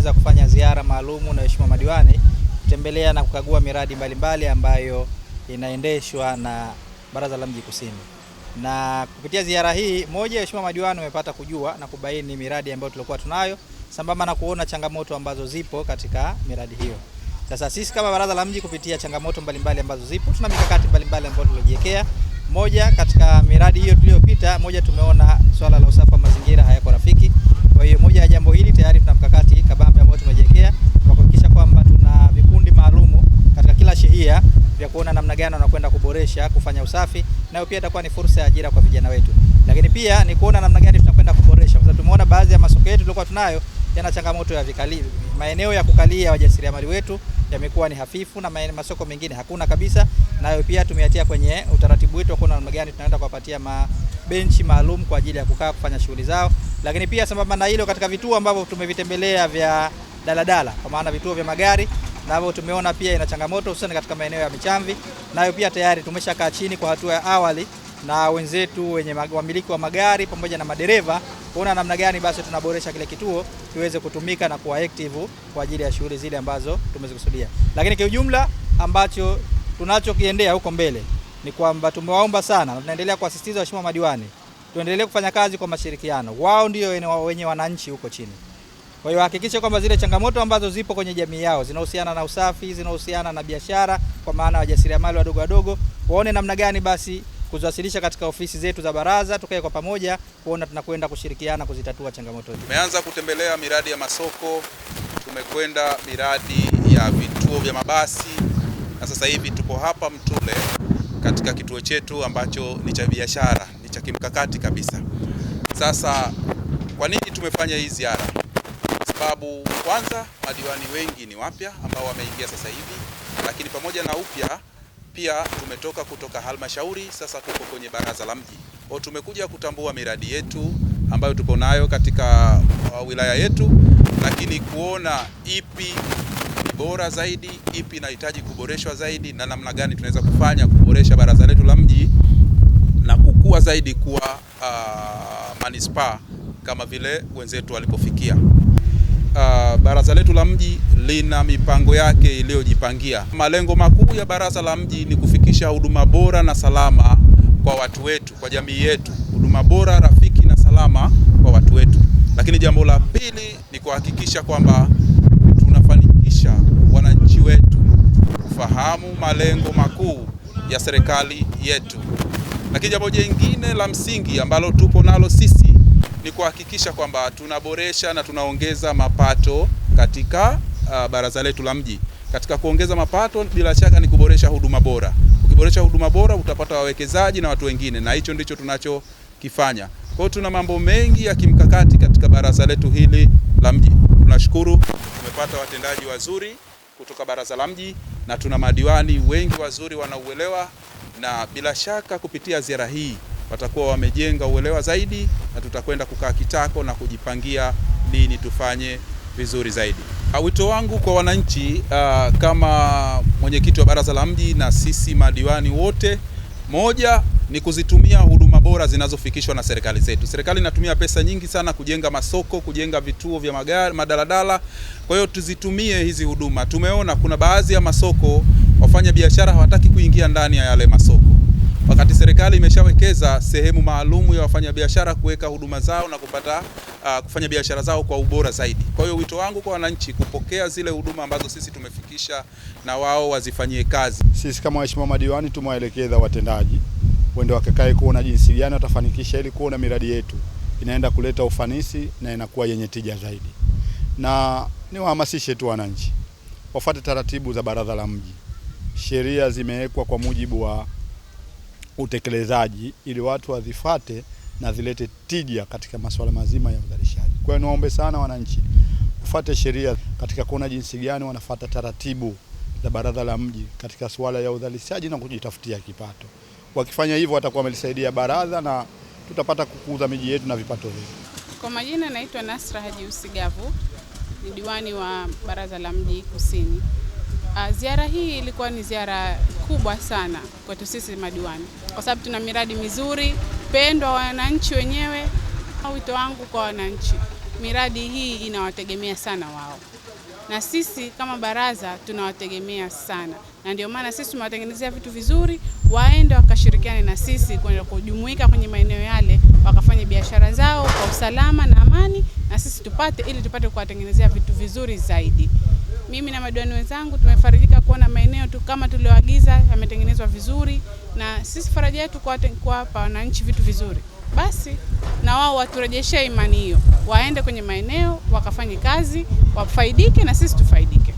tumeweza kufanya ziara maalumu na waheshimiwa madiwani kutembelea na kukagua miradi mbalimbali mbali ambayo inaendeshwa na Baraza la Mji Kusini. Na kupitia ziara hii moja, waheshimiwa madiwani wamepata kujua na kubaini miradi ambayo tulikuwa tunayo sambamba na kuona changamoto ambazo zipo katika miradi hiyo. Sasa sisi kama Baraza la Mji kupitia changamoto mbalimbali mbali ambazo zipo, tuna mikakati mbalimbali ambayo tulijiwekea. Moja, katika miradi hiyo tuliyopita, moja tumeona swala la usafi wa mazingira hayako rafiki namna gani wanakwenda kuboresha kufanya usafi, nayo pia itakuwa ni fursa ya ajira kwa vijana wetu, lakini pia ni kuona namna gani tunakwenda kuboresha, kwa sababu tumeona baadhi ya masoko yetu tulikuwa tunayo yana changamoto ya vikali, maeneo ya kukalia wajasiriamali wetu yamekuwa ni hafifu na masoko mengine hakuna kabisa, nayo pia tumeatia kwenye utaratibu wetu kuona namna gani tunaenda kuwapatia benchi maalum kwa ajili ya kukaa kufanya shughuli zao, lakini pia sambamba na hilo, katika vituo ambavyo tumevitembelea vya daladala, kwa maana vituo vya magari na tumeona pia ina changamoto hususani katika maeneo ya Michamvi, nayo pia tayari tumeshakaa chini kwa hatua ya awali na wenzetu wenye wamiliki wa magari pamoja na madereva kuona namna gani basi tunaboresha kile kituo kiweze kutumika na kuwa active kwa ajili ya shughuli zile ambazo tumezikusudia. Lakini kwa ujumla ambacho tunachokiendea huko mbele ni kwamba tumewaomba sana na tunaendelea kuasisitiza waheshimiwa madiwani tuendelee kufanya kazi kwa mashirikiano. Wao ndio wenye wananchi huko chini. Kwa hiyo hakikishe kwamba zile changamoto ambazo zipo kwenye jamii yao zinahusiana na usafi, zinahusiana na biashara, kwa maana wajasiriamali wadogo wadogo, waone namna gani basi kuziwasilisha katika ofisi zetu za baraza, tukae kwa pamoja kuona tunakwenda kushirikiana kuzitatua changamoto hizo. Tumeanza kutembelea miradi ya masoko, tumekwenda miradi ya vituo vya mabasi, na sasa hivi tupo hapa Mtule katika kituo chetu ambacho ni cha biashara, ni cha kimkakati kabisa. Sasa kwa nini tumefanya hii ziara? sababu kwanza madiwani wengi ni wapya ambao wameingia sasa hivi, lakini pamoja na upya pia tumetoka kutoka halmashauri, sasa tuko kwenye baraza la mji o, tumekuja kutambua miradi yetu ambayo tuko nayo katika uh, wilaya yetu, lakini kuona ipi ni bora zaidi, ipi inahitaji kuboreshwa zaidi, na namna gani tunaweza kufanya kuboresha baraza letu la mji na kukua zaidi kuwa uh, manispaa kama vile wenzetu walipofikia uh, baraza letu la mji lina mipango yake iliyojipangia. Malengo makuu ya baraza la mji ni kufikisha huduma bora na salama kwa watu wetu, kwa jamii yetu, huduma bora, rafiki na salama kwa watu wetu. Lakini jambo la pili ni kuhakikisha kwamba tunafanikisha wananchi wetu kufahamu malengo makuu ya serikali yetu. Lakini jambo jingine la msingi ambalo tupo nalo sisi kuhakikisha kwamba tunaboresha na tunaongeza mapato katika uh, baraza letu la mji. Katika kuongeza mapato, bila shaka ni kuboresha huduma bora. Ukiboresha huduma bora, utapata wawekezaji na watu wengine, na hicho ndicho tunachokifanya. Kwa hiyo tuna mambo mengi ya kimkakati katika baraza letu hili la mji. Tunashukuru tumepata watendaji wazuri kutoka baraza la mji na tuna madiwani wengi wazuri wanauelewa na bila shaka kupitia ziara hii watakuwa wamejenga uelewa zaidi, na tutakwenda kukaa kitako na kujipangia nini tufanye vizuri zaidi. Ah, wito wangu kwa wananchi uh, kama mwenyekiti wa baraza la mji na sisi madiwani wote, moja ni kuzitumia huduma bora zinazofikishwa na serikali zetu. Serikali inatumia pesa nyingi sana kujenga masoko, kujenga vituo vya magari, madaladala. Kwa hiyo tuzitumie hizi huduma. Tumeona kuna baadhi ya masoko wafanya biashara hawataki kuingia ndani ya yale masoko wakati serikali imeshawekeza sehemu maalum ya wafanyabiashara kuweka huduma zao na kupata uh, kufanya biashara zao kwa ubora zaidi. Kwa hiyo wito wangu kwa wananchi kupokea zile huduma ambazo sisi tumefikisha na wao wazifanyie kazi. Sisi kama waheshimiwa madiwani tumewaelekeza watendaji wende wakakae kuona jinsi gani watafanikisha ili kuona miradi yetu inaenda kuleta ufanisi na inakuwa yenye tija zaidi, na niwahamasishe tu wananchi wafuate taratibu za baraza la mji. Sheria zimewekwa kwa mujibu wa utekelezaji ili watu wazifate na zilete tija katika masuala mazima ya uzalishaji. Kwa hiyo niwaombe sana wananchi kufuate sheria katika kuona jinsi gani wanafata taratibu za baraza la mji katika suala ya uzalishaji na kujitafutia kipato. Wakifanya hivyo watakuwa wamelisaidia baraza na tutapata kukuza miji yetu na vipato vyetu. Kwa majina naitwa Nasra Haji Usigavu, ni diwani wa baraza la mji Kusini. Ah, ziara hii ilikuwa ni ziara kubwa sana kwetu sisi madiwani, kwa sababu tuna miradi mizuri pendwa wananchi wenyewe. Wito wangu kwa wananchi, miradi hii inawategemea sana wao, na sisi kama baraza tunawategemea sana, na ndio maana sisi tumewatengenezea vitu vizuri, waende wakashirikiane na sisi kwenda kujumuika kwenye maeneo yale, wakafanya biashara zao kwa usalama na amani, na sisi tupate, ili tupate kuwatengenezea vitu vizuri zaidi mimi na madiwani wenzangu tumefarijika kuona maeneo tu kama tulioagiza yametengenezwa vizuri, na sisi faraja yetu kuwapa wananchi vitu vizuri, basi na wao waturejeshe imani hiyo, waende kwenye maeneo wakafanye kazi, wafaidike na sisi tufaidike.